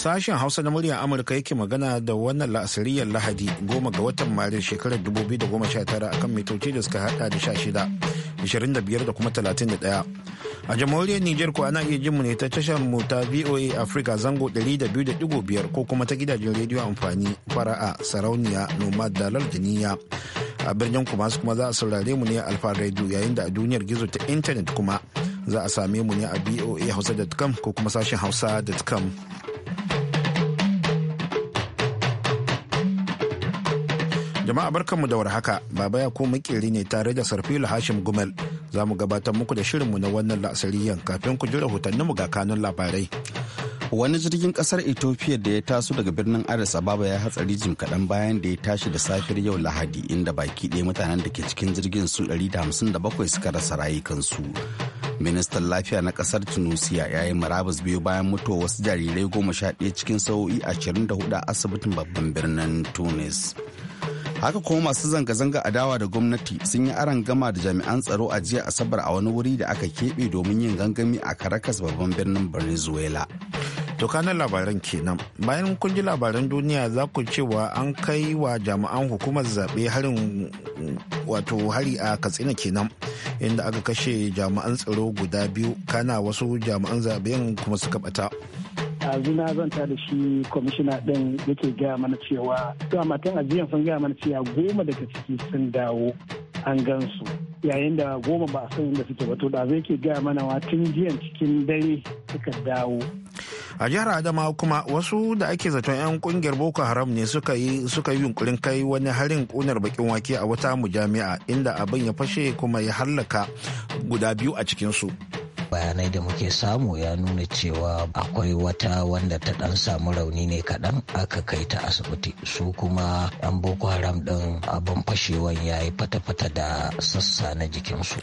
Sashen Hausa na muryar Amurka yake magana da wannan la'asiriyar Lahadi goma ga watan Maris shekarar 2019 akan mitoci da suka hada da sha shida, 25 da kuma 31. A jamhuriyar Nijar ko ana iya jin mu ne ta tashar mu ta VOA Africa zango da da 200.5 ko kuma ta gidajen rediyo amfani fara'a sarauniya nomad da lardiniya. A birnin kuma su kuma za a saurare mu ne a alfa radio yayin da a duniyar gizo ta intanet kuma za a same mu ne a voa hausa.com ko kuma sashen hausa.com. Jama'a barkanmu da warhaka, Baba ya ko makeri ne tare da Sarfilu Hashim Gumel. Za mu gabatar muku da shirinmu na wannan la'asariyan kafin ku ji rahotanninmu ga kanun labarai. Wani jirgin kasar Ethiopia da ya taso daga birnin Addis Ababa ya hatsari jim kaɗan bayan da ya tashi da safiyar yau Lahadi inda baki ɗaya mutanen da ke cikin jirgin su 157 suka rasa rayukansu. ministan lafiya na kasar tunisia ya yi marabus biyu bayan mutuwa wasu jarirai goma sha ɗaya cikin sa'o'i ashirin da hudu a asibitin babban birnin tunis haka kuma masu zanga-zanga adawa da gwamnati sun yi aron gama da jami'an tsaro a jiya asabar a wani wuri da aka keɓe domin yin gangami a caracas babban birnin venezuela to kanan labaran kenan bayan kun ji labaran duniya za ku cewa an kai wa jami'an hukumar zaɓe harin wato hari a katsina kenan inda aka kashe jami'an tsaro guda biyu kana wasu jami'an zaɓe kuma suka ɓata. ɗazuna zan ta da shi kwamishina ɗin yake gaya mana cewa to a matan ajiyan sun gaya mana cewa goma daga ciki sun dawo an gansu yayin da goma ba a san inda suke ba to da zai ke gaya mana wa tun jiyan cikin dare suka dawo a jihar adama kuma wasu da ake zaton 'yan kungiyar boko haram ne suka yi suka yi yunkurin kai wani harin kunar bakin wake a wata mujami'a inda abin ya fashe kuma ya hallaka guda biyu a cikinsu. su bayanai da muke samu ya nuna cewa akwai wata wanda ta dan samu rauni ne kaɗan aka kai ta asibiti su kuma yan boko haram ɗin abin fashewan ya yi fata-fata da sassa na jikinsu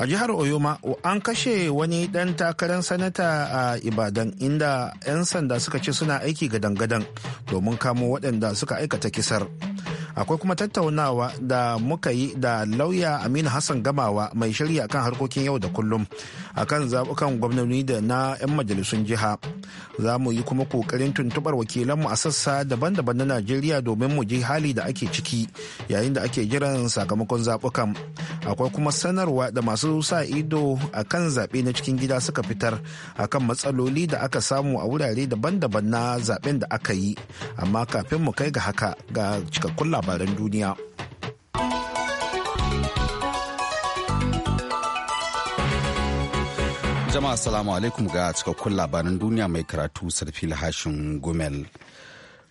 a jihar oyoma an kashe wani ɗan takarar sanata a ibadan inda 'yan sanda suka ce suna aiki gadan-gadan domin kamo waɗanda suka aikata kisar akwai kuma tattaunawa da muka yi da lauya aminu hassan gamawa mai shirya kan harkokin yau da kullum akan zaɓukan gwamnoni da na 'yan majalisun jiha za mu yi kuma ƙoƙarin tuntuɓar wakilanmu a sassa daban-daban na najeriya domin mu ji hali da ake ciki yayin da ake jiran sakamakon zaɓukan akwai kuma sanarwa da masu sa ido a kan zaɓe na cikin gida suka fitar a kan matsaloli da aka samu a wurare daban-daban na zaɓen da aka yi amma kafin mu kai ga haka ga cikakkun labaran duniya. Jama'a salamu alaikum ga cikakkun labaran duniya mai karatu sarfi lahashin gumel.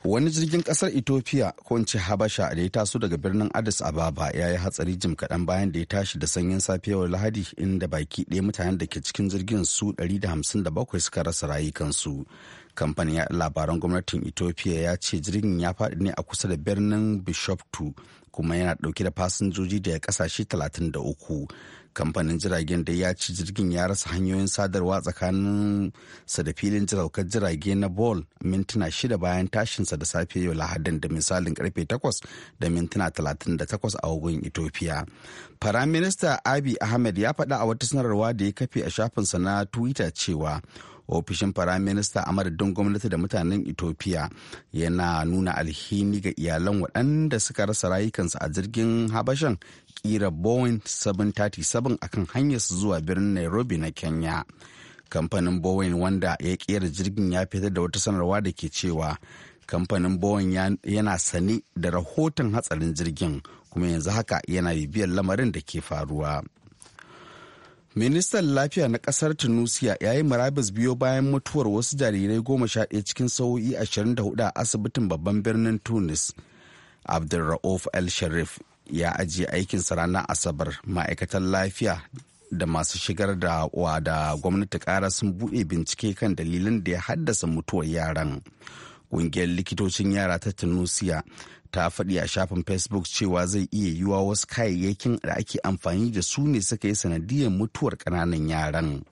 Wani jirgin kasar Ethiopia ko ce Habasha da ya taso daga birnin Addis Ababa ya yi hatsari jim kaɗan bayan da ya tashi da sanyin safiyar Lahadi inda baki ɗaya mutanen da ke cikin jirgin su 157 suka rasa rayukansu. Kamfanin ya labaran gwamnatin Ethiopia ya ce jirgin ya faɗi ne a kusa da birnin Bishoptu kuma yana ɗauke da fasinjoji daga ƙasashe 33. kamfanin jiragen da ya ci jirgin ya rasa hanyoyin sadarwa tsakanin sa da filin jiraukar jirage na ball mintuna shida bayan tashinsa da safe yau lahadin da misalin karfe 8 da mintuna 38 a wagon ethiopia firaminista abi ahmed ya faɗa a wata sanarwa da ya kafe a shafinsa na twitter cewa ofishin firaminista a madadin gwamnati da mutanen ethiopia yana nuna alhini ga iyalan waɗanda suka rasa rayukansu a jirgin habashan kira boeing 737 akan hanyar su zuwa birnin nairobi na kenya kamfanin boeing wanda ya kera jirgin ya fitar da wata sanarwa da ke cewa kamfanin boeing yana sane da rahoton hatsarin jirgin kuma yanzu haka yana bibiyar lamarin da ke faruwa. ministan lafiya na kasar tunisia ya yi murabus biyo bayan mutuwar wasu jarirai goma sha ɗaya cikin ashirin da hudu a asibitin babban birnin tunis abdulra'uf el sharif ya ajiye aikinsa ranar asabar ma'aikatan lafiya da masu shigar da wa da gwamnati kara sun buɗe bincike kan dalilin da ya haddasa mutuwar yaran ƙungiyar likitocin yara ta tunisia ta faɗi a shafin facebook cewa zai iya yiwa wasu kayayyakin da ake amfani da su ne suka yi sanadiyar mutuwar ƙananan yaran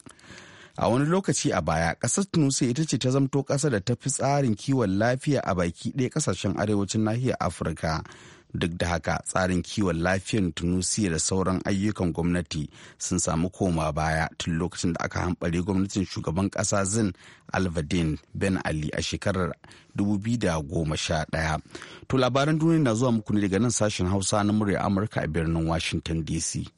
a wani lokaci a baya ƙasar tunisia ita ce ta zamto ƙasa da ta fi tsarin kiwon lafiya a baki ɗaya ƙasashen arewacin nahiyar afirka duk da haka tsarin kiwon lafiyan tunusiya da sauran ayyukan gwamnati sun samu koma baya tun lokacin da aka hambare gwamnatin shugaban ƙasa zin alvadin ben ali a shekarar 2011 to labaran duniya na zuwa muku ne daga nan sashen hausa na murya amurka a birnin washington dc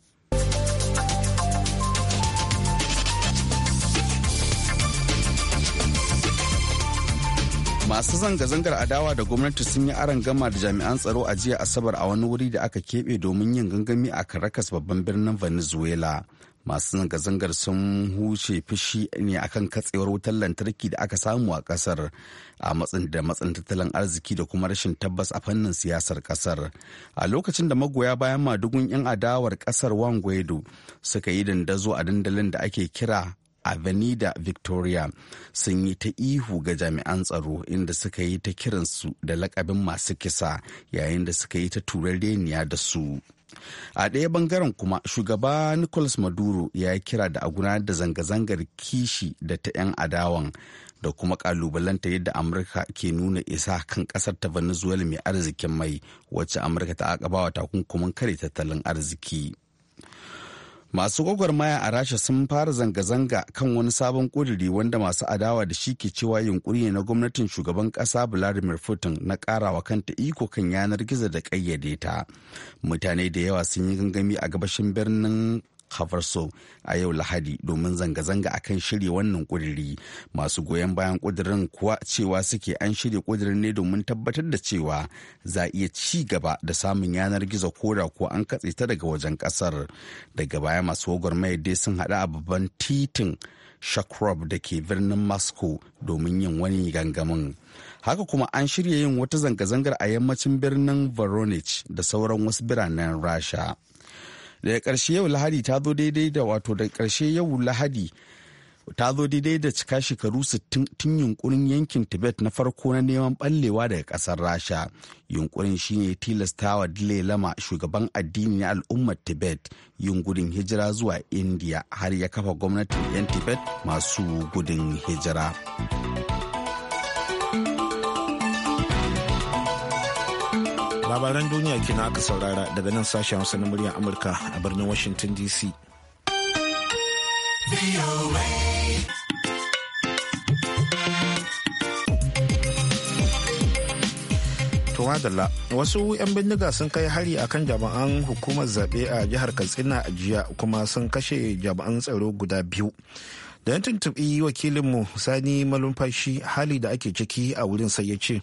masu zanga-zangar adawa da gwamnati sun yi aron gama da jami'an tsaro a jiya asabar a wani wuri da aka keɓe domin yin gangami a caracas babban birnin venezuela masu zanga-zangar sun huce fushi ne akan katsewar wutar lantarki da aka samu a kasar a matsin da matsin tattalin arziki da kuma rashin tabbas a fannin siyasar kasar a lokacin da magoya bayan madugun 'yan adawar kasar wangwedo suka yi dandazo a dandalin da ake kira avenida victoria sun yi ta ihu ga jami'an tsaro inda suka yi ta kiransu da lakabin masu kisa yayin da suka yi ta turareniya da su a ɗaya bangaren kuma shugaba nicolas maduro ya yi kira da a da zanga-zangar kishi da ta 'yan adawan da kuma kalubalanta yadda amurka ke nuna isa kan kasar ta venezuela mai arzikin mai wacce amurka ta wa takunkumin kare tattalin arziki masu gwagwarmaya a rasha sun fara zanga-zanga kan wani sabon ƙuduri wanda masu adawa da shi ke cewa yunƙuri ne na gwamnatin shugaban ƙasa vladimir putin na ƙarawa kanta iko kan yanar gizo da ƙayyade ta mutane da yawa sun yi gangami a gabashin birnin so a yau Lahadi domin zanga-zanga akan shirya wannan kuduri. Masu goyon bayan kudirin kuwa cewa suke an shirya kudirin ne domin tabbatar da cewa za a iya ci gaba da samun yanar gizo koda ko an katse ta daga wajen kasar. Daga baya masu gwagwarmaya dai sun hada a babban titin shakrob da ke birnin Moscow domin yin wani gangamin. Haka kuma an shirya yin wata zanga-zangar a yammacin birnin Voronezh da sauran wasu biranen Rasha. daga ƙarshe yau lahadi ta zo daidai da wato daga ƙarshe yau lahadi ta zo daidai da cika shekaru 60 tun yunkurin yankin tibet na farko na neman ballewa daga kasar rasha yunkurin shine tilastawa dile lama shugaban addini na al'ummar tibet yin gudun hijira zuwa india har ya kafa gwamnatin 'yan tibet masu gudun hijira. labaran duniya ke na aka saurara daga nan sashen hausa na muryar amurka a birnin washington dc madalla wasu 'yan bindiga sun kai hari a kan jami'an hukumar zaɓe a jihar Katsina a jiya kuma sun kashe jami'an tsaro guda biyu. Da yan tuntuɓi wakilinmu Sani Malumfashi hali da ake ciki a wurin sai ya ce.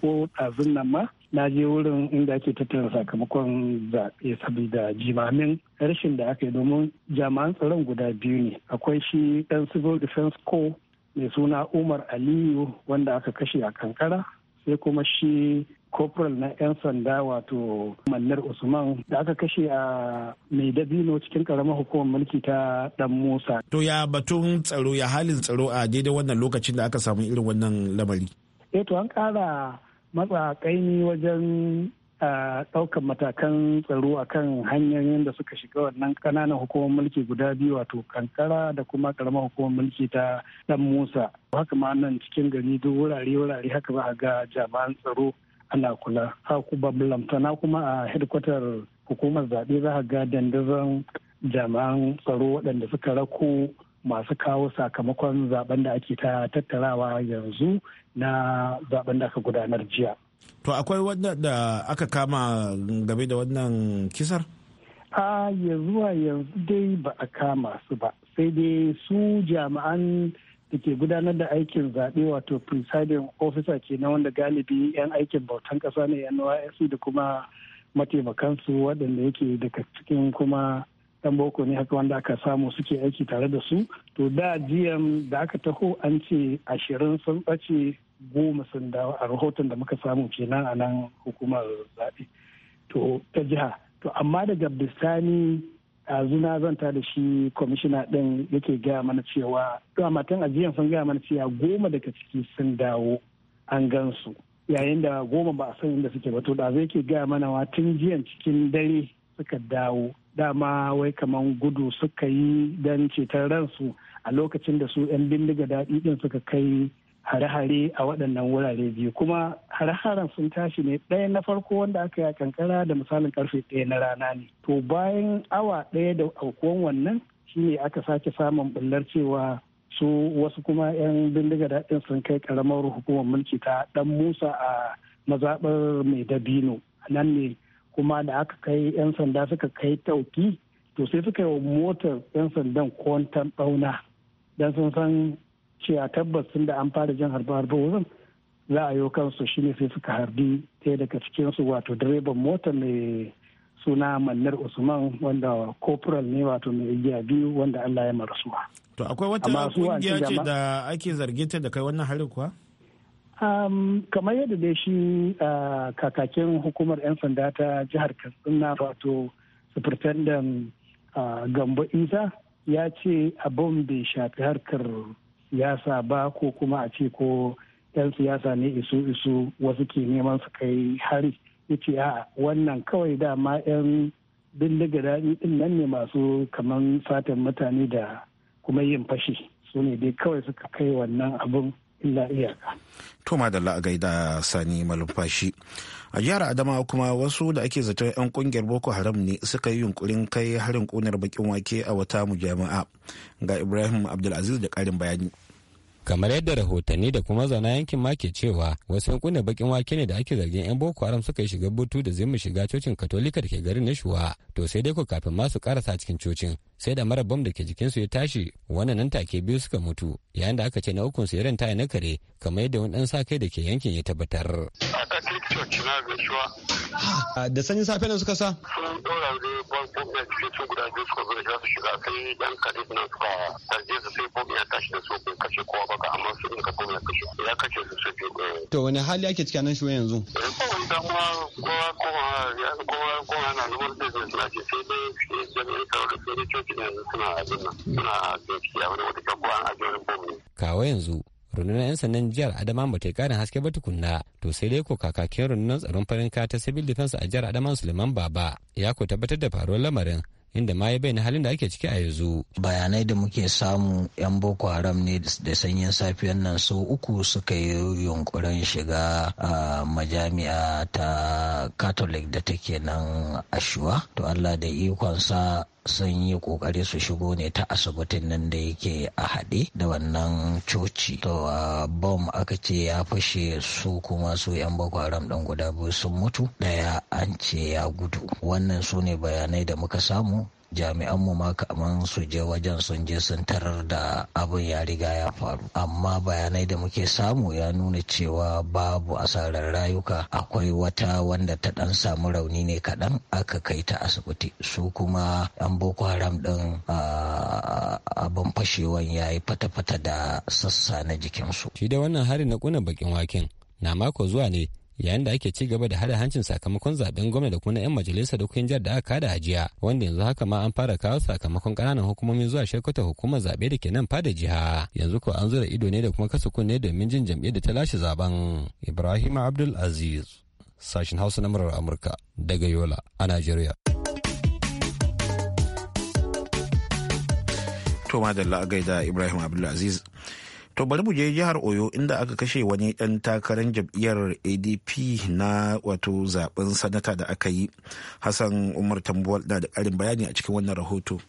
Ko ɗazun nan ma na je wurin inda ake tattara sakamakon zaɓe saboda jimamin rashin da aka yi domin jama'an tsaron guda biyu ne akwai shi ɗan civil defense co mai suna umar aliyu wanda aka kashe a kankara sai kuma shi corporal na 'yan sanda wato mannar usman da aka kashe a mai dabino cikin karamar hukumar mulki ta dan musa to ya batun tsaro ya halin tsaro a daidai wannan lokacin da aka samu irin wannan lamari eh to an kara matsa kaini wajen ɗaukan matakan tsaro a kan hanyoyin da suka shiga wannan ƙananan hukumar mulki guda biyu wato kankara da kuma ƙaramar hukumar mulki ta dan musa haka ma nan cikin gari duk wurare wurare haka za a ga jami'an tsaro ana kula haku bablamtana kuma a hedkwatar hukumar zaɓe za a ga dandazon jami'an tsaro waɗanda suka rako masu kawo sakamakon zaben da ake ta tattarawa yanzu na zaben da aka gudanar jiya. To akwai wanda da aka kama game da wannan kisar? A ya zuwa yanzu dai ba a kama su ba, sai dai su jami'an da ke gudanar da aikin zaɓe wato presiding officer ke na wanda galibi 'yan aikin bautan ƙasa ne 'yan da kuma mataimakansu waɗanda yake daga cikin kuma dan boko ne haka wanda aka samu suke aiki tare da su to da jiyan da aka taho an ce ashirin sun ɓace goma sun dawo a rahoton da muka samu kenan a nan hukumar zaɓe to ta jiha to amma daga bisani a zuna zanta da shi kwamishina ɗin yake gaya mana cewa to matan ajiyan sun gaya mana cewa goma daga ciki sun dawo an gansu yayin da goma ba a san inda suke ba to da zai ke gaya mana wa tun jiyan cikin dare suka dawo dama wai kaman gudu suka yi don ceton ransu a lokacin da su 'yan bindiga daɗi ɗin suka kai hare-hare a waɗannan wurare biyu kuma hare-haren sun tashi ne ɗaya na farko wanda aka yi a kankara da misalin karfe ɗaya na rana ne to bayan awa ɗaya da aukuwan wannan shine aka sake samun ɓullar cewa su wasu kuma 'yan bindiga daɗin sun kai ƙaramar hukumar mulki ta ɗan musa a mazaɓar mai dabino nan ne kuma da aka kai 'yan sanda suka kai tauki to sai suka yi wa motar 'yan sandan kwantan ɗauna don sun san cewa tabbas sun da an fara jan harba harba wurin za a yi kansu shine sai suka harbi yi daga cikinsu wato direban mota mai suna mannar usman wanda corporal ne wato mai igiya biyu wanda allah ya marasuwa to akwai wata kungiya ce da ake zargin ta da kai wannan harin kuwa Um, kamar yadda dai shi uh, kakakin hukumar 'yan sanda ta jihar katsina wato superintendent uh, gambo isa ya ce abin bai shafi harkar siyasa ba ko kuma a ce ko 'yan siyasa ne isu isu wasu ke neman su kai hari ya ce a wannan kawai dama 'yan bindiga daɗi din nan ne masu kamar satan mutane da kuma yin fashi su ne dai kawai suka kai wannan abin illa iyaka. To madalla a gaida sani malumfashi. A jihar Adamawa kuma wasu da ake zaton 'yan kungiyar Boko Haram ne suka yi yunkurin kai harin kunar bakin wake a wata mujami'a ga Ibrahim Abdulaziz da karin bayani. kamar yadda rahotanni da kuma zana yankin ma ke cewa wasu yankunan bakin wake ne da ake zargin yan boko haram suka yi shiga butu da zimin shiga cocin katolika da ke garin na shuwa to sai dai ko kafin ma su karasa cikin cocin sai da mara bom da ke jikinsu ya tashi wannan nan take biyu suka mutu yayin da aka ce na hukunsu ya ranta na kare kamar yadda wani dan sa kai da ke yankin ya tabbatar. a catholic na ah, da sanyin safe nan suka sa. sun ɗora da bom bom ya cikin sun guda biyu suka zo da za su shiga sai yan kadif nan suka tarje su sai bom ya tashi da su bin kashe kowa baka amma su ɗin ka bom ya kashe ya kashe su su biyu. Eh. to wani hali ake ciki nan shi yanzu. ko eh, wani kowa kowa kowa kowa na numar zai zai zai sai dai zai zai zai zai zai Kawo yanzu rundunar 'yan sandan jihar adama ba ta karin haske ba tukunna to sai dai ko kakakin rundunar tsaron farin ta civil defense a jihar adama suleiman baba ya ko tabbatar da faruwar lamarin inda ma ya bayyana halin da ake ciki a yanzu. Bayanai da muke samu 'yan Boko Haram ne da sanyin safiyan nan sau uku suka yi yunkurin shiga a majami'a ta Catholic da take nan Ashuwa. To Allah da ikonsa sun yi kokari su shigo ne ta asibitin nan da yake a haɗe da wannan coci to a bom aka ce ya fashe su kuma su yan boko haram ɗin guda biyu sun mutu ɗaya an ce ya gudu wannan su ne bayanai da muka samu jami'anmu ma kaman su je wajen sun je sun tarar da abin ya riga ya faru amma bayanai da muke samu ya nuna cewa babu asarar rayuka akwai wata wanda ta dan samu rauni ne kaɗan aka kai ta asibiti su kuma yan boko haram din abin fashewan ya yi fata-fata da sassa na jikinsu shi da wannan hari na kuna bakin waken na mako zuwa ne yayin da ake ci gaba da hada hancin sakamakon zaben gwamna da kuma na 'yan majalisa dokokin jihar da aka da ajiya wanda yanzu haka ma an fara kawo sakamakon kananan hukumomi zuwa shekwata hukumar zabe da ke nan fada jiha yanzu ko an zura ido ne da kuma kasa kunne domin jin jam'iyyar da ta lashe zaben ibrahim abdul aziz sashen hausa na murar amurka daga yola a nigeria. to madalla a gaida ibrahim abdul To bari mu je jihar Oyo inda aka kashe wani ɗan takarar jam'iyyar ADP na wato zaben sanata da aka yi. Hassan Umar Tambuwal na da ƙarin bayani a cikin wannan rahoto.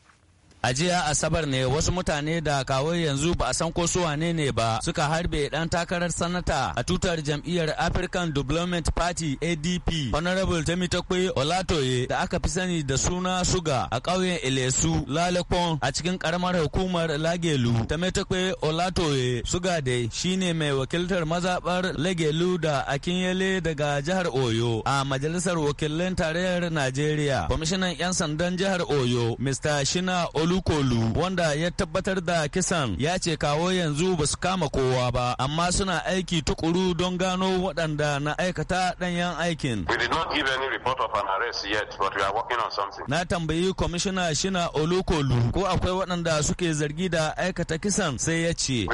a jiya asabar ne wasu mutane da kawo yanzu ba a san ko su wane ne ba suka harbe dan takarar sanata a tutar jam'iyyar African Development Party ADP Honorable Temi Takwe Olatoye da aka fi sani da suna Suga a ƙauyen Ilesu Lalekon a cikin karamar hukumar Lagelu Temi Takwe Olatoye Suga dai shine mai wakiltar mazabar Lagelu da Akinyele daga jihar Oyo a majalisar wakilan tarayyar Najeriya Kwamishinan 'yan sandan jihar Oyo Mr. Shina Olu kolu-kolu wanda ya tabbatar da kisan ya ce kawo yanzu ba su kama kowa ba amma suna aiki tukuru don gano waɗanda na aikata ɗanyen aikin. Na tambayi kwamishina shina olukolu ko akwai waɗanda suke zargi da aikata kisan sai ya ce.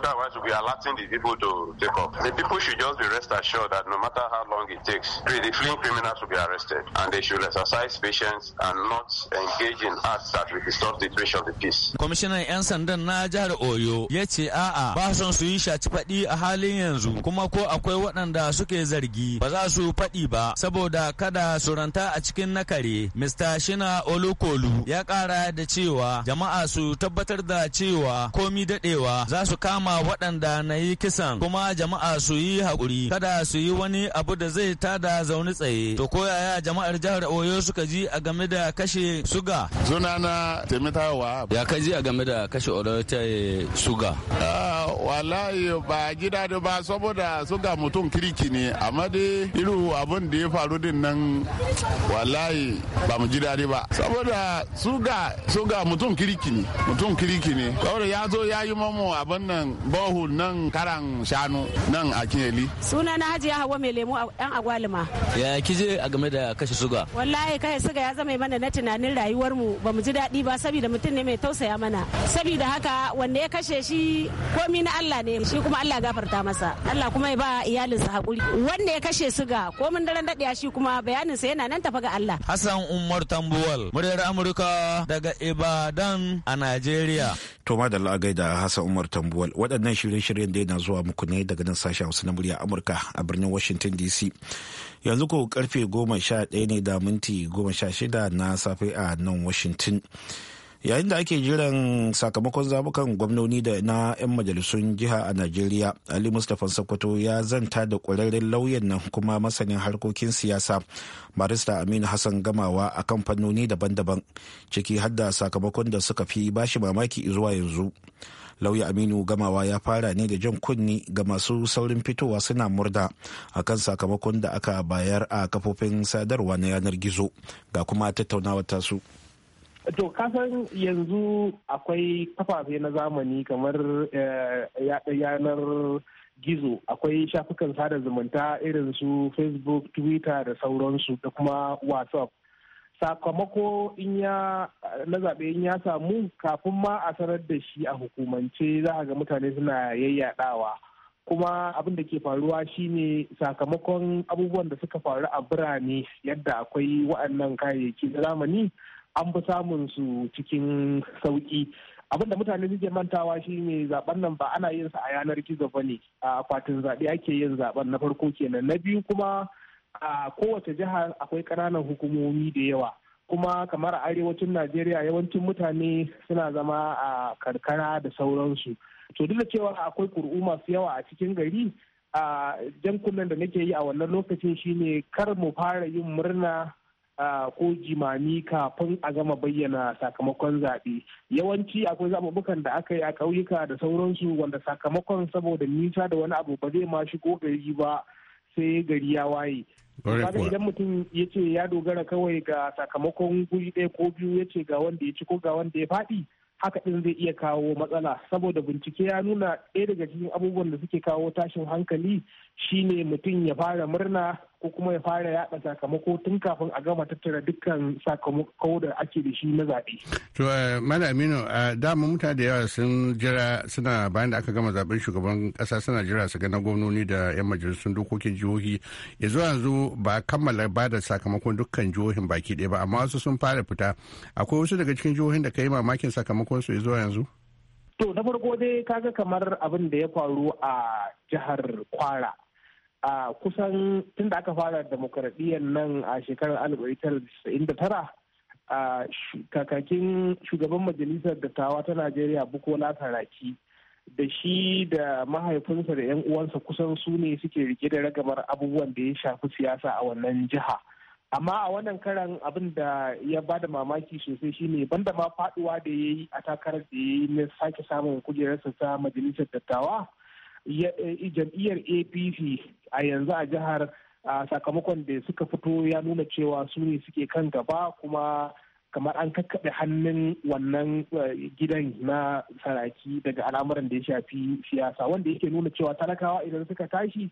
Otherwise, we'll be alerting the people to take off. The people should just be rest assured that no matter how long it takes, the fleeing criminals should be arrested and they should exercise patience and not engage in acts that will disturb the peace of the peace. Kwamishinan 'yan sandan na jihar Oyo ya ce a'a ba son su yi shaci faɗi a halin yanzu kuma ko akwai waɗanda suke zargi ba za su faɗi ba saboda kada su ranta a cikin nakare. Mr. Shina Olukolu ya ƙara da cewa jama'a su tabbatar da cewa komi daɗewa za su kama waɗanda na yi kisan kuma jama'a su yi haƙuri kada su yi wani abu da zai tada da zaune tsaye. To ko yaya jama'ar jihar Oyo suka ji a game da kashe suga? Sunana wa. Ya ka ji a game da kashe orotai suga? Ah, wallahi ba gida da ba saboda suga mutum kiriki ne amma dai iru abin da ya faru din nan wallahi ba mu ji daɗi ba saboda suga suga mutum kiriki ne mutum kiriki ne saboda ya zo ya yi mamu abin nan bohol nan karan shanu nan a sunana suna hajiya hawa mai lemo yan agwali malama. Ya kije a game da kashe suga? Wallahi kashe suga ya zama mana na tunanin rayuwar mu ba mu ji daɗi ba saboda mutum ne mai tausaya mana. Saboda haka wanda ya kashe shi komi na Allah ne shi kuma Allah gafarta masa. Allah kuma ya ba iyalinsa hakuri. Wanda ya kashe suga ko mun daren daɗiya shi kuma sa yana nan tafa ga Allah. Hassan Umar Tambuwal, muryar Amurka daga Ibadan a Najeriya. To ma da la'agai Hassan Umar Tambuwal waɗannan shirye-shiryen da yana zuwa muku ne daga nan sashen Hausa na murya Amurka a birnin Washington DC. yanzu ko karfe goma ne da minti goma sha shida na safe a nan washington yayin da ake jiran sakamakon zabukan gwamnoni da na 'yan majalisun jiha a najeriya ali mustapha sokoto ya zanta da ƙwararren lauyan nan kuma masanin harkokin siyasa barista aminu hassan gamawa a kan fannoni daban-daban ciki har sakamakon da suka fi bashi mamaki zuwa yanzu lauya aminu gamawa ya fara ne da jan kunni ga masu saurin fitowa suna murda a kan sakamakon da aka bayar a kafofin sadarwa na yanar gizo ga kuma tattaunawar tasu to kasan yanzu akwai kafafe na zamani kamar eh, yanar gizo akwai shafukan sada zumunta irin su facebook twitter da sauransu da kuma whatsapp sakamako in ya na zaɓe in ya samu kafin ma a sanar da shi a hukumance za a ga mutane suna yayyadawa kuma abin da ke faruwa shine sakamakon abubuwan da suka faru a birane yadda akwai wa'annan kayayyaki na zamani an fi samun su cikin sauƙi abin da mutane suke mantawa shine zaben nan ba ana yin sa a yanar gizo ba ne a akwatin zaɓe ake yin zaben na farko kenan na biyu kuma a kowace jiha akwai ƙananan hukumomi da yawa kuma kamar a arewacin najeriya yawancin mutane suna zama a karkara da sauransu to duk da cewa akwai ƙuri'u masu yawa a cikin gari a jankunan da nake yi a wannan lokacin shine kar mu fara yin murna ko jimami kafin a gama bayyana sakamakon zaɓe yawanci akwai zaɓuɓɓukan da aka yi a ƙauyuka da sauransu wanda sakamakon saboda nisa da wani abu ba zai ma shigo gari ba sai gari ya waye idan mutum ya ce ya dogara kawai ga sakamakon guri ɗaya ko biyu ya ce ga wanda ya ci ko ga wanda ya faɗi haka ɗin zai iya kawo matsala saboda bincike ya nuna ɗaya daga cikin abubuwan da suke kawo tashin hankali shine mutum ya fara murna ko kuma ya fara yaɗa sakamako tun kafin a gama tattara dukkan sakamako da ake da shi na zaɓe. To eh, Malamino eh, dama mutane da yawa sun jira suna bayan da aka gama zaɓen shugaban ƙasa suna jira su ga na gwamnoni da 'yan majalisun dokokin jihohi ya zuwa yanzu ba kammala ba da sakamakon dukkan jihohin baki ɗaya ba amma wasu sun fara fita akwai wasu daga cikin jihohin da ka yi mamakin sakamakon su ya zuwa yanzu. To na farko dai kaga kamar abin da ya faru a jihar Kwara a kusan tun da aka fara demokradiyyar nan a shekarar 1999 a kakakin shugaban majalisar dattawa ta najeriya bukola taraki da shi da mahaifinsa da 'yan uwansa kusan su ne suke rike da ragamar abubuwan da ya shafi siyasa a wannan jiha amma a wannan karan abin da ya ba da mamaki sosai shine banda ma faduwa da ya yi a takarar da ya yi na sake samun kujerarsa ta majalisar dattawa Eh, jam'iyyar apc a yanzu a jihar sakamakon da suka fito ya nuna cewa su ne suke kan gaba kuma kamar an kakkaɓe hannun wannan eh, gidan na saraki daga al'amuran da ya shafi siyasa wanda yake nuna cewa talakawa idan suka tashi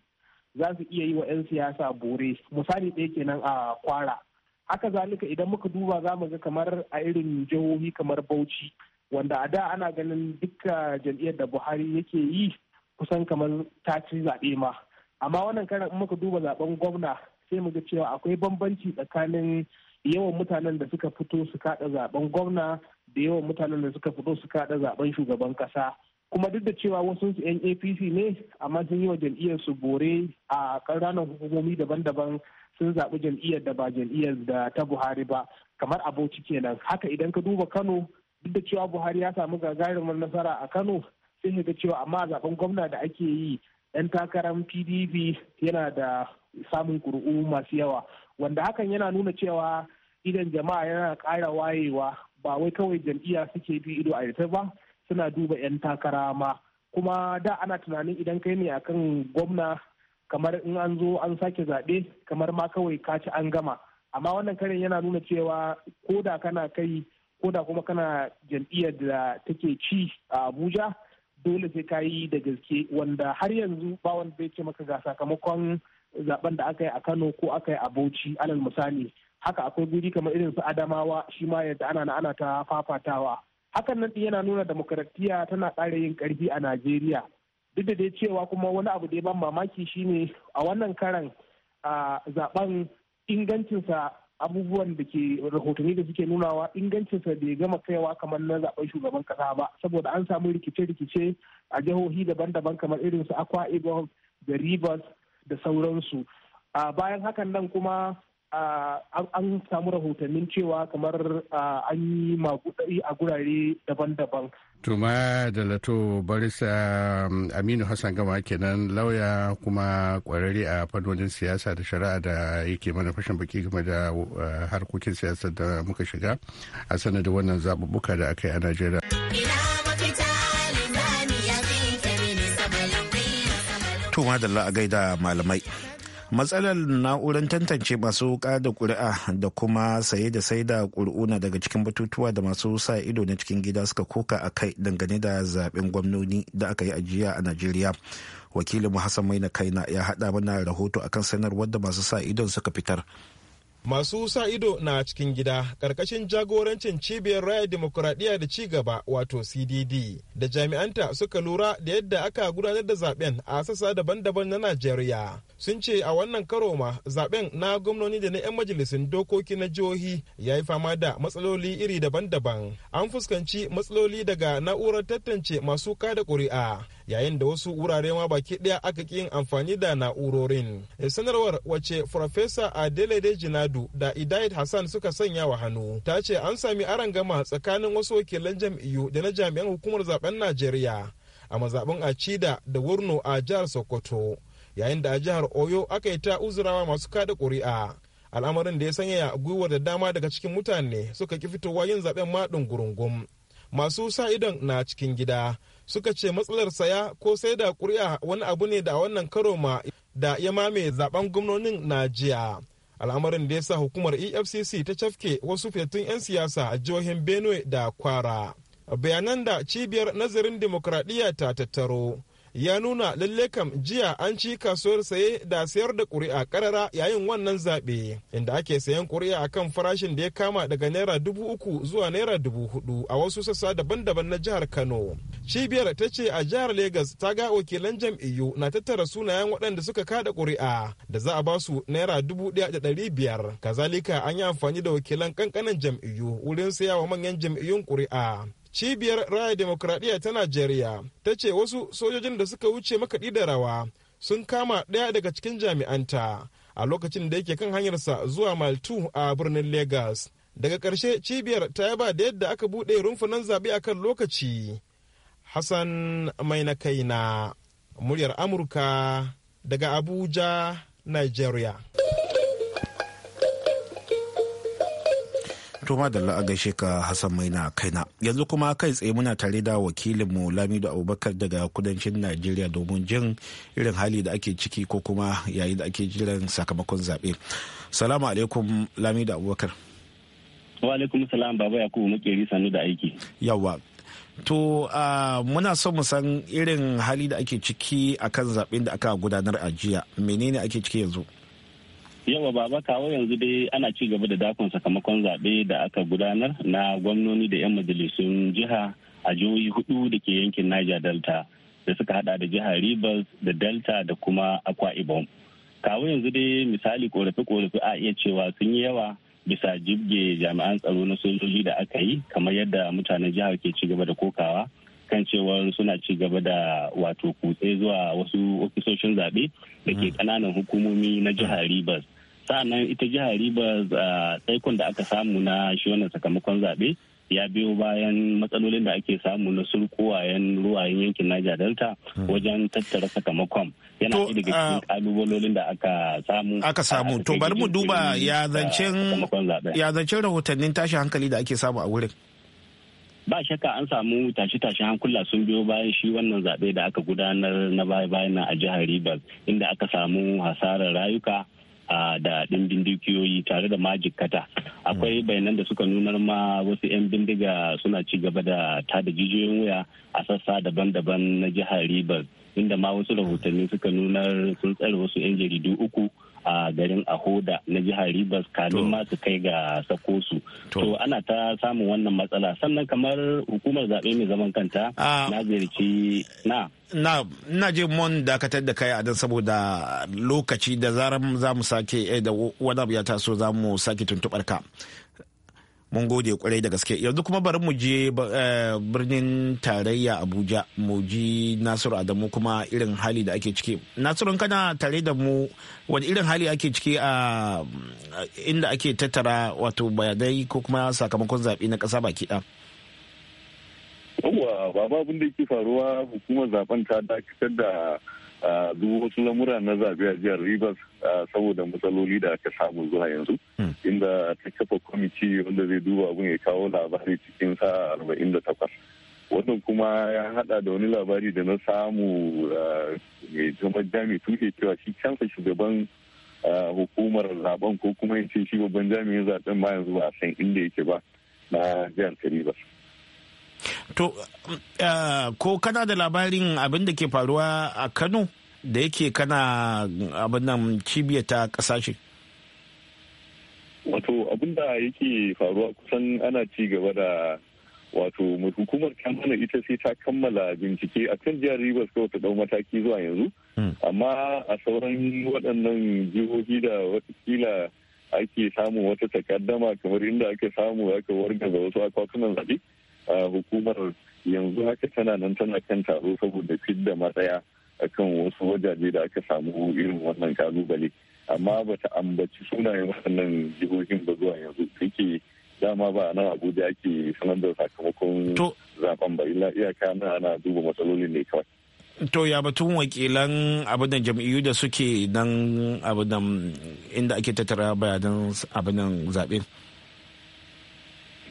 za su iya yi wa 'yan siyasa bore misali ɗaya kenan a kwara haka zalika idan muka duba za mu ga kamar a irin jihohi kamar bauchi wanda a da ana ganin duka jam'iyyar da buhari yake yi kusan kamar ta ci zaɓe ma amma wannan karan muka duba zaben gwamna sai mu ga cewa akwai bambanci tsakanin yawan mutanen da suka fito su kaɗa zaben gwamna da yawan mutanen da suka fito su kaɗa zaben shugaban kasa kuma duk da cewa wasu su yan apc ne amma sun yi wa jam'iyyar su bore a ƙananan hukumomi daban-daban sun zaɓi jam'iyyar da ba jam'iyyar da ta buhari ba kamar a kenan haka idan ka duba kano duk da cewa buhari ya samu gagarumin nasara a kano sai ga cewa amma zaben gwamna da ake yi yan takarar pdp yana da samun ƙuri'u masu yawa wanda hakan yana nuna cewa idan jama'a yana ƙara wayewa ba wai kawai jam'iyya suke bi ido a ba suna duba 'yan takara ma kuma da ana tunanin idan kai ne akan gwamna kamar in an zo an sake zaɓe kamar ma kawai ka ci an gama amma wannan karin yana nuna cewa ko da kana kai ko da kuma kana jam'iyyar da take ci a abuja dole sai ka yi da gaske wanda har yanzu ba wanda zai ce maka ga sakamakon zaben da aka yi a Kano ko aka yi a Bauchi alal misali haka akwai guri kamar irin su Adamawa shi ma yadda ana na ana ta fafatawa hakan nan yana nuna demokaratiya tana ƙara yin karfi a Najeriya duk da dai cewa kuma wani abu da ya ban mamaki shine a wannan karan zaben ingancinsa abubuwan da ke rahotanni da suke nunawa ingancinsa bai gama kaiwa kamar na zaben shugaban kasa ba saboda an samu rikice-rikice a jihohi daban-daban kamar irin su akwa ibom da rivers da sauransu a bayan hakan nan kuma an samu rahotannin cewa kamar an yi magudai a gurare daban-daban. Tuma da lato barisa um, Aminu Hassan Gama kenan lauya kuma kwararre a fannonin siyasa da shari'a da yake mana fashin baki game da uh, harkokin siyasa da muka shiga a sanadin wannan zaɓuɓɓuka da aka yi a Najeriya. Tuma da la'agai da malamai matsalar na'urar tantance masu da kuri'a da kuma saye da saida da kuri'una daga cikin batutuwa da masu sa ido na cikin gida suka koka a kai dangane da zaben gwamnoni da aka yi ajiya a najeriya wakilin hassan maina kaina ya haɗa mana rahoto akan sanarwar da masu sa idon suka fitar masu sa ido na cikin gida ƙarƙashin jagorancin cibiyar raya demokuraɗiyya da cigaba wato cdd da jami'anta suka lura da yadda aka gudanar da zaben a sassa daban-daban na najeriya sun ce a wannan karo ma zaben na gwamnoni da na 'yan majalisun dokoki na jihohi ya yi fama da matsaloli iri daban-daban an fuskanci matsaloli daga na'urar tantance masu kada ƙuri'a yayin da wasu wurare ma baki ɗaya aka ƙi yin amfani da na'urorin. Eh, sanarwar wace Farfesa Adelede Jinadu da Idayat Hassan suka sanya wa hannu ta ce an sami arangama tsakanin wasu wakilan jam'iyyu da na jami'an hukumar zaben Najeriya a mazaɓin Acida da Wurno a jihar Sokoto yayin da a jihar Oyo aka yi ta uzurawa masu kada ƙuri'a. al'amarin da ya ya gwiwar da dama daga cikin mutane suka ki fitowa yin zaben maɗin gurungum masu sa idon na cikin gida suka ce matsalar saya ko sai da kuri'a wani abu ne da wannan karo ma da ya mame zaben gwamnonin na jiya al'amarin da ya sa hukumar efcc ta cafke wasu fetun 'yan siyasa a jihohin benue da kwara bayanan da cibiyar nazarin dimokuraɗiyya ta tattaro ya nuna lalle kam jiya an ci kasuwar saye da sayar da ƙuri'a karara yayin wannan zaɓe inda ake sayan ƙuri'a a kan farashin da ya kama daga naira dubu uku zuwa naira dubu hudu a wasu sassa daban-daban na jihar kano cibiyar ta ce a jihar Legas ta ga wakilan jam'iyyu na tattara sunayen waɗanda suka kada ƙuri'a da za a ba su naira dubu ɗaya da ɗari biyar kazalika an yi amfani da wakilan ƙanƙanan jam'iyyu wurin sayawa manyan jam'iyyun ƙuri'a cibiyar raya demokradiyya ta najeriya ta ce wasu sojojin da suka wuce makaɗi da rawa sun kama ɗaya daga cikin jami'anta a lokacin da yake kan hanyarsa zuwa maltu a birnin lagos daga ƙarshe cibiyar ta yaba da yadda aka buɗe rumfunan zaɓe a kan lokaci hassan mai na na muryar amurka daga abuja nigeria to madalla a gaishe ka hassan maina kaina yanzu kuma kai tsaye muna tare da wakilinmu lamido abubakar daga kudancin najeriya domin jin irin hali da ake ciki ko kuma yayin da ake jiran sakamakon zaɓe salamu alaikum lamido abubakar wa alaikum salam baba yakubu makeri sanu da aiki yawa to muna son mu san irin hali da ake ciki akan zaɓen da aka gudanar a jiya menene ake ciki yanzu yawa baba kawo yanzu dai ana ci gaba da dakon sakamakon zaɓe da aka gudanar na gwamnoni da 'yan majalisun jiha a jihohi hudu da ke yankin niger delta da suka hada da jihar rivers da delta da kuma akwa ibom kawo yanzu dai misali korafe-korafe a iya cewa sun yi yawa bisa jibge jami'an tsaro na sojoji da aka yi kamar yadda mutanen jihar ke ci gaba da kokawa kan cewa suna ci gaba da wato kutse zuwa wasu ofisoshin zaɓe da ke mm. ƙananan hukumomi na jihar Rivers. sa'annan ita jihar a tsaikon da aka samu na shi wannan sakamakon zaɓe ya biyo bayan matsalolin da ake samu na surkuwayen ruwayen yankin Niger Delta hmm. wajen tattara sakamakon yana ɗaya daga cikin kalubalolin da aka samu aka samu to bari mu duba ya zancen ya zancen rahotannin tashin hankali da ake samu a wurin ba shakka an samu tashe-tashen hankula sun biyo bayan shi wannan zaɓe da aka gudanar na baya-bayan a jihar Rivers inda aka samu hasarar rayuka da dindin dukiyoyi tare da majikata akwai hmm. bayanan da suka nunar ma wasu 'yan bindiga suna ci gaba da tada jijiyoyin wuya a sassa daban-daban na jihar ribas inda ma wasu rahotanni suka nunar sun tsare wasu 'yan jaridu uku a garin ahoda na jihar ribas kamin masu kai ga sakosu to ana ta samun wannan matsala sannan kamar hukumar zaɓe mai zaman kanta na ziyarci na na ina je mon dakatar da kai a saboda lokaci da zarar za mu sake eh, da wani abu ya taso za mu sake tuntuɓar ka mun gode kwarai da gaske yanzu kuma bari mu je eh, birnin tarayya abuja mu ji nasiru adamu kuma irin hali da ake ciki nasiru kana tare da mu wani irin hali ake ciki a inda ake tattara wato bayanai ko kuma sakamakon zaɓe na ƙasa baki ɗan yawwa ba abin da yake faruwa hukumar zaben ta dakatar da duk wasu lamura na zaɓe a jihar Rivers saboda matsaloli da aka samu zuwa yanzu hmm. inda ta kafa kwamiti wanda zai duba abin ya kawo labari cikin sa'a arba'in da takwas wannan kuma ya hada da wani labari da na samu mai zama jami tuke cewa shi kansa shugaban hukumar zaben ko kuma ya ce shi babban jami'in zaben ma yanzu ba a san inda yake ba na jihar Rivers. To, uh, ko kana da labarin abin da ke faruwa a Kano da yake kana abin nan cibiyar ta kasashe? Wato abin da yake faruwa kusan ana ci gaba da wato mai hukumar kamfana ita sai ta kammala bincike a kan jihar Rivers kawai ta dau mataki zuwa yanzu. Hmm. Amma a sauran waɗannan jihohi da watakila ake samu wata takaddama kamar inda aka samu aka wargaza wasu akwatunan zaɓe. hukumar yanzu haka tana nan tana kan taro saboda fidda matsaya akan wasu wajaje da aka samu irin wannan kalubale amma bata ambaci sunayen waɗannan jihohin ba zuwa yanzu take dama ba a nan abuja ake sanar da sakamakon zaben ba illa iyaka na ana duba matsalolin ne kawai to ya batun wakilan da jam'iyyu da suke nan abinan inda ake tattara bayanan abinan zaɓe.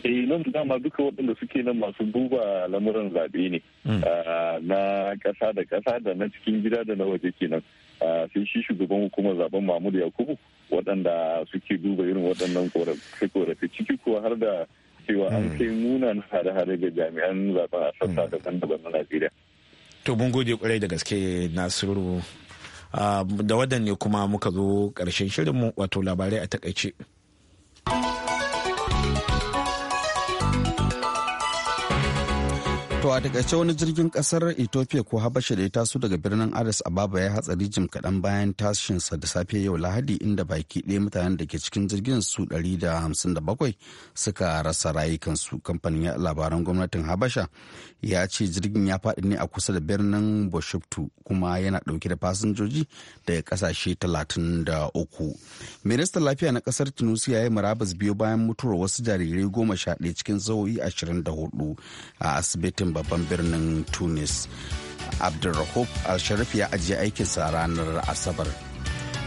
eh nan dama duka waɗanda suke nan masu duba lamuran zaɓe ne hmm. ah, na ƙasa da ƙasa da na cikin gida da na waje kenan ah, sai shi shugaban hukumar zaben mahmud yakubu waɗanda suke duba irin waɗannan korafe ciki kuwa har da cewa an hmm. kai munan hare-hare ga jami'an zaben a sassa hmm. daban-daban na najeriya to mun gode kwarai da gaske nasiru ah, da waɗanne kuma muka zo ƙarshen shirinmu wato labarai a takaice. To a takaice wani jirgin kasar Ethiopia ko Habasha da ya taso daga birnin Addis Ababa ya hatsari jim kaɗan bayan tashinsa da safe yau Lahadi inda baki ɗaya mutanen da ke cikin jirgin su 157 suka rasa rayukansu. Kamfanin ya labaran gwamnatin Habasha ya ce jirgin ya faɗi ne a kusa da birnin Boshiftu kuma yana ɗauke da fasinjoji daga ƙasashe 33. Ministan lafiya na ƙasar tunisia ya yi murabus biyo bayan mutuwar wasu jarirai goma sha ɗaya cikin sa'o'i 24 a asibitin babban birnin tunis abdulrahub al-sharif ya ajiye aikinsa ranar asabar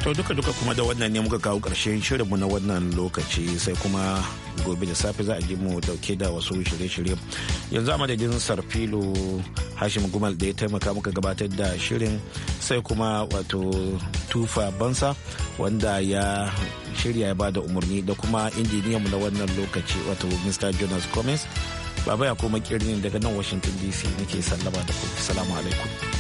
to duka duka kuma da wannan ne muka kawo ƙarshen shirinmu na wannan lokaci sai kuma gobe da safe za a ji mu dauke da wasu shirye-shirye yanzu a madadin sarfilo hashim gumal da ya taimaka muka gabatar da shirin sai kuma wato tufa bansa wanda ya shirya ya bada umarni da kuma injiniyanmu na wannan lokaci wato mr jonas gomez baba ya koma kirin daga nan washington dc nake sallama da ku salamu alaikum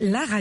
la radio.